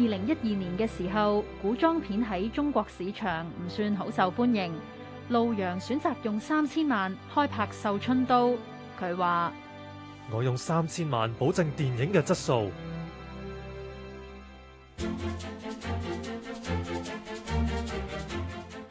二零一二年嘅時候，古裝片喺中國市場唔算好受歡迎。路陽選擇用三千萬開拍《繡春刀》，佢話：我用三千萬保證電影嘅質素。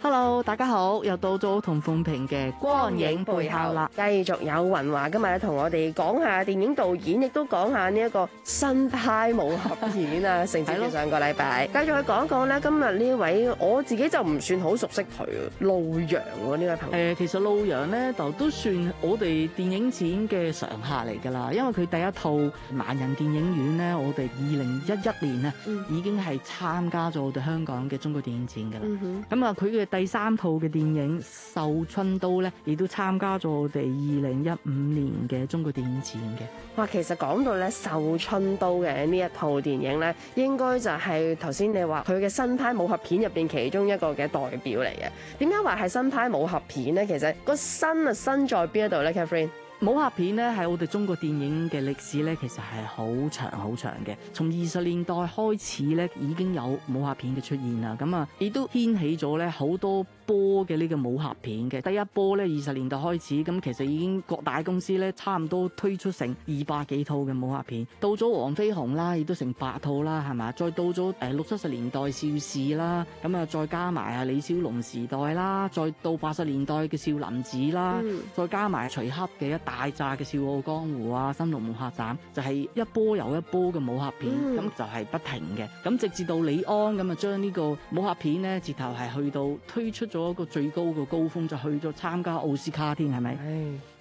Hello，大家好，又到咗同鳳萍嘅光影背後啦，繼續有雲華。今日咧，同我哋講下電影導演，亦都講下呢一個新派武俠片啊，甚 至乎上個禮拜繼續去講一講咧，今日呢位我自己就唔算好熟悉佢，路陽喎呢位朋友。誒，其實路陽咧就都算我哋電影展嘅常客嚟㗎啦，因為佢第一套《盲人電影院》咧，我哋二零一一年咧、嗯、已經係參加咗我哋香港嘅中國電影展㗎啦。咁啊、嗯哼，佢嘅第三套嘅電影《繡春刀》咧，亦都參加咗我哋二零一五年嘅中國電影節嘅。哇，其實講到咧《繡春刀》嘅呢一套電影咧，應該就係頭先你話佢嘅新派武俠片入邊其中一個嘅代表嚟嘅。點解話係新派武俠片咧？其實個新啊，新在邊一度咧，Katherine？武俠片咧，喺我哋中國電影嘅歷史咧，其實係好長好長嘅，從二十年代開始咧已經有武俠片嘅出現啦，咁啊亦都掀起咗咧好多。波嘅呢個武俠片嘅第一波咧，二十年代開始咁，其實已經各大公司咧差唔多推出成二百幾套嘅武俠片。到咗黃飛鴻啦，亦都成八套啦，係咪？再到咗誒六七十年代邵氏啦，咁啊再加埋啊李小龍時代啦，再到八十年代嘅少林寺啦，嗯、再加埋徐克嘅一大紮嘅《笑傲江湖》啊，《新龍門客棧》，就係、是、一波又一波嘅武俠片，咁、嗯、就係不停嘅。咁直至到李安咁啊，將呢個武俠片咧，直頭係去到推出。做一個最高嘅高峰，就去咗參加奧斯卡添，係咪？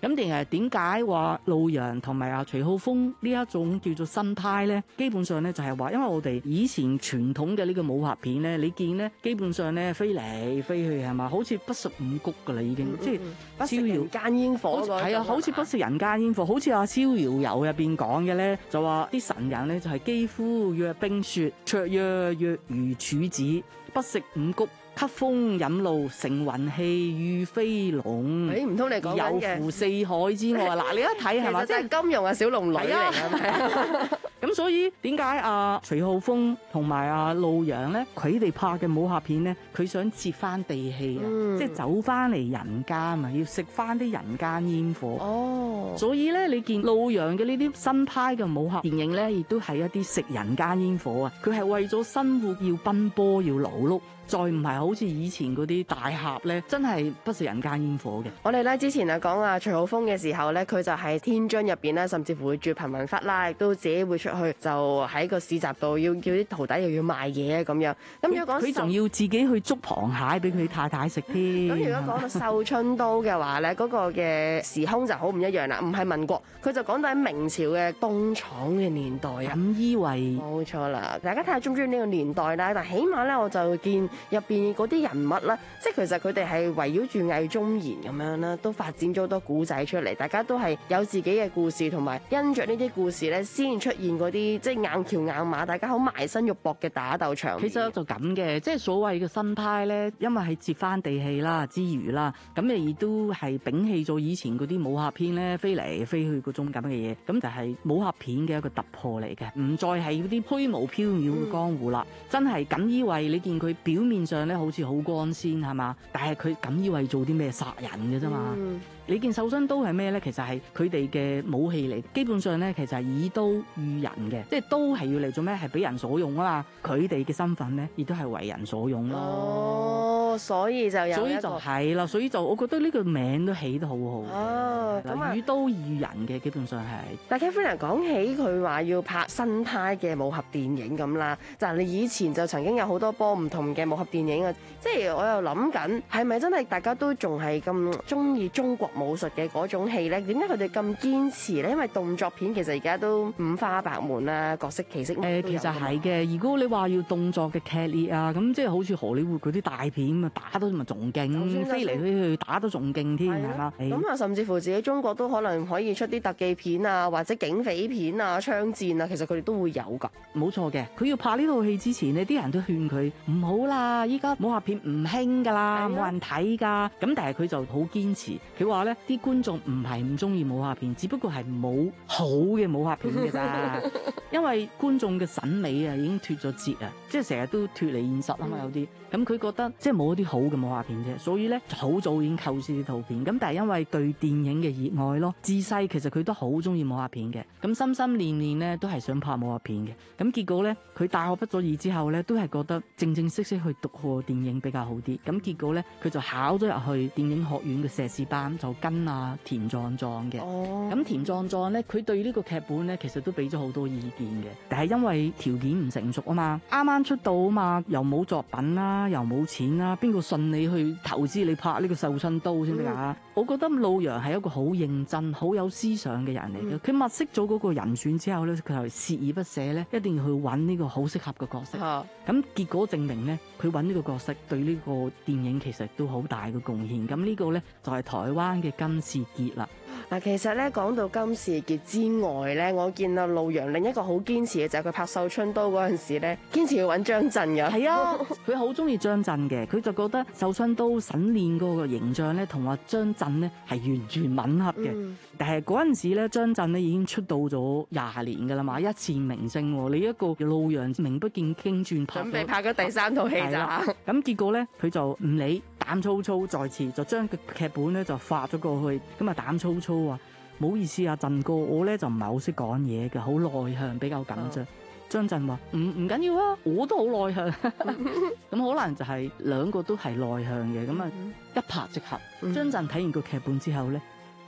咁定係點解話路陽同埋阿徐浩峰呢一種叫做新派咧？基本上咧，就係話，因為我哋以前傳統嘅呢個武俠片咧，你見咧，基本上咧飛嚟飛去係嘛，好似不食五穀噶啦已經，即係不食人間煙火。係啊，好似不食人間煙火，好似阿逍遙遊入邊講嘅咧，就話啲神人咧就係肌膚若冰雪，綽約若如處子，不食五穀。吸風飲露，乘雲氣，御飛龍。你唔通你講遊乎四海之外啊？嗱，你一睇係嘛，即係金庸啊吧，小龍女嚟㗎。咁所以點解阿徐浩峰同埋阿路陽咧，佢哋拍嘅武俠片咧，佢想接翻地氣啊，mm. 即係走翻嚟人間啊，要食翻啲人間煙火。哦，oh. 所以咧，你見路陽嘅呢啲新派嘅武俠電影咧，亦都係一啲食人間煙火啊！佢係為咗生活要奔波要勞碌，再唔係好似以前嗰啲大俠咧，真係不食人間煙火嘅。我哋咧之前啊講阿徐浩峰嘅時候咧，佢就喺天津入邊咧，甚至乎會住貧民窟啦，亦都自己會出。佢就喺個市集度要叫啲徒弟又要賣嘢咁樣。咁如果講佢仲要自己去捉螃蟹俾佢太太食添。咁 如果講到《繡春刀》嘅話咧，嗰個嘅時空就好唔一樣啦，唔係民國，佢就講到喺明朝嘅東廠嘅年代啊。咁以為冇錯啦，大家睇下中唔中意呢個年代啦。但起碼咧，我就見入邊嗰啲人物啦，即係其實佢哋係圍繞住魏忠賢咁樣啦，都發展咗好多古仔出嚟。大家都係有自己嘅故事，同埋因着呢啲故事咧先出現。嗰啲即係硬橋硬馬，大家好埋身肉搏嘅打鬥場。其實就咁嘅，即係所謂嘅新派咧，因為係接翻地氣啦之餘啦，咁亦都係摒棄咗以前嗰啲武俠片咧，飛嚟飛去嗰種咁嘅嘢，咁就係武俠片嘅一個突破嚟嘅，唔再係嗰啲虛無縹緲嘅江湖啦，嗯、真係錦衣衛。你見佢表面上咧好似好光鮮係嘛，但係佢錦衣衛做啲咩？殺人嘅啫嘛。嗯你件瘦身刀係咩呢？其實係佢哋嘅武器嚟，基本上呢，其實係以刀喻人嘅，即係刀係要嚟做咩？係俾人所用啊嘛！佢哋嘅身份呢，亦都係為人所用咯。哦所以就有係啦，所以就我覺得呢個名都起得好好。哦，語、嗯、都語人嘅基本上係。但係 Kevin 講起佢話要拍新派嘅武俠電影咁啦，就係你以前就曾經有好多波唔同嘅武俠電影啊，即係我又諗緊係咪真係大家都仲係咁中意中國武術嘅嗰種戲咧？點解佢哋咁堅持咧？因為動作片其實而家都五花八門啦，角色其色。誒、呃，其實係嘅。如果你話要動作嘅劇烈啊，咁即係好似荷里活嗰啲大片。打都咪仲勁，算算飛嚟飛去，去打都仲勁添，咁啊，啊嗯、甚至乎自己中國都可能可以出啲特技片啊，或者警匪片啊、槍戰啊，其實佢哋都會有㗎。冇錯嘅，佢要拍呢套戲之前咧，啲人都勸佢唔好啦，依家武俠片唔興㗎啦，冇、啊、人睇㗎。咁但係佢就好堅持，佢話咧啲觀眾唔係唔中意武俠片，只不過係冇好嘅武俠片嘅咋。 因為觀眾嘅審美啊已經脱咗節啊，即係成日都脱離現實啊嘛，嗯、有啲咁佢覺得即係冇。嗰啲好嘅武俠片啫，所以咧好早已經構思啲圖片咁，但係因為對電影嘅熱愛咯，自細其實佢都好中意武俠片嘅，咁心心念念咧都係想拍武俠片嘅，咁結果咧佢大學畢咗業之後咧都係覺得正正式式去讀個電影比較好啲，咁結果咧佢就考咗入去電影學院嘅碩士班，就跟啊田壯壯嘅，哦，咁田壯壯咧佢對呢個劇本咧其實都俾咗好多意見嘅，但係因為條件唔成熟啊嘛，啱啱出道啊嘛，又冇作品啦，又冇錢啦。邊個信你去投資你拍呢個繡春刀先得㗎？嗯、我覺得路陽係一個好認真、好有思想嘅人嚟嘅。佢物、嗯、色咗嗰個人選之後咧，佢係鍥而不捨咧，一定要去揾呢個好適合嘅角色。咁、嗯、結果證明咧，佢揾呢個角色對呢個電影其實都好大嘅貢獻。咁呢個咧就係台灣嘅金士傑啦。嗱，其實咧講到金士傑之外咧，我見到、啊、路陽另一個好堅持嘅就係佢拍《繡春刀》嗰陣時咧，堅持要揾張震嘅、嗯。係啊，佢好中意張震嘅，佢就覺得《繡春刀》沈煉嗰個形象咧，同話張震呢係完全吻合嘅。但係嗰陣時咧，張震咧已經出道咗廿年嘅啦嘛，一線明星喎。你一個路陽名不見經傳拍了，準備拍緊第三套戲咋？咁結果咧，佢就唔理，膽粗粗再次就將個劇本咧就發咗過去。咁啊，膽粗粗。都話唔好意思啊，震哥，我咧就唔係好識講嘢嘅，好內向，比較緊張。張、嗯、震話唔唔緊要啊，我都好內向。咁可能就係兩個都係內向嘅，咁啊、嗯、一拍即合。張、嗯、震睇完個劇本之後咧，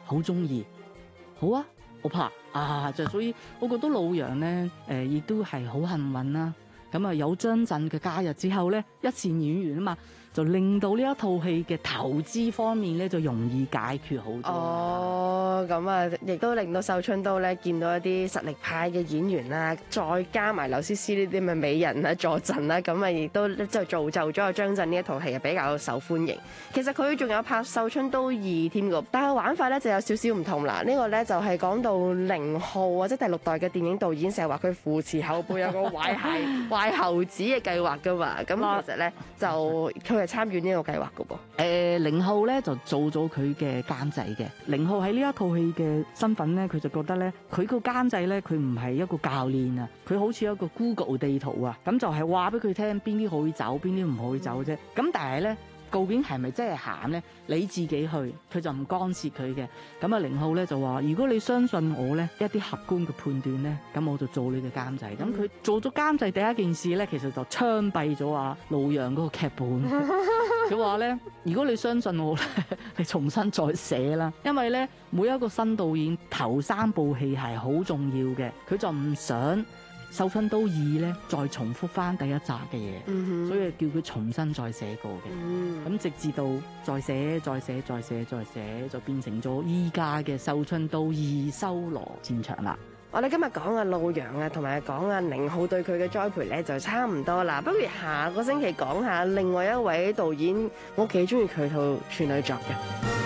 好中意，好啊，我拍啊，就所以我覺得老楊咧，誒、呃，亦都係好幸運啦。咁啊，有張震嘅加入之後咧，一線演員啊嘛，就令到呢一套戲嘅投資方面咧，就容易解決好多。呃咁啊，亦都令到《繡春刀咧見到一啲實力派嘅演員啦，再加埋劉詩詩呢啲咁嘅美人啊助陣啦，咁啊亦都即係造就咗《張震》呢一套戲又比較受歡迎。其實佢仲有拍《繡春刀二》添噶，但係玩法咧就有少少唔同啦。呢、這個咧就係講到寧浩或者第六代嘅電影導演，成日話佢扶持後輩有個壞孩壞猴子嘅計劃噶嘛。咁其實咧就佢係參與呢個計劃噶噃。誒、呃，寧浩咧就做咗佢嘅監制嘅。寧浩喺呢一套。嘅身份咧，佢就覺得咧，佢個監製咧，佢唔係一個教練啊，佢好似一個 Google 地圖啊，咁就係話俾佢聽邊啲可以走，邊啲唔可以走啫。咁但係咧。究竟係咪真係行呢？你自己去，佢就唔干涉佢嘅。咁啊，凌浩咧就話：如果你相信我呢，一啲客觀嘅判斷呢，咁我就做你嘅監製。咁佢做咗監製第一件事呢，其實就槍斃咗啊路陽嗰個劇本。佢話 呢：「如果你相信我呢，你重新再寫啦。」因為呢，每一個新導演頭三部戲係好重要嘅，佢就唔想。《繡春刀二》咧，再重複翻第一集嘅嘢，mm hmm. 所以叫佢重新再寫過嘅，咁、mm hmm. 直至到再寫、再寫、再寫、再寫，再寫就變成咗依家嘅《繡春刀二》修羅戰場啦。我哋今日講阿路陽啊，同埋講阿寧浩對佢嘅栽培咧，就差唔多啦。不如下個星期講下另外一位導演，我幾中意佢套處女作嘅。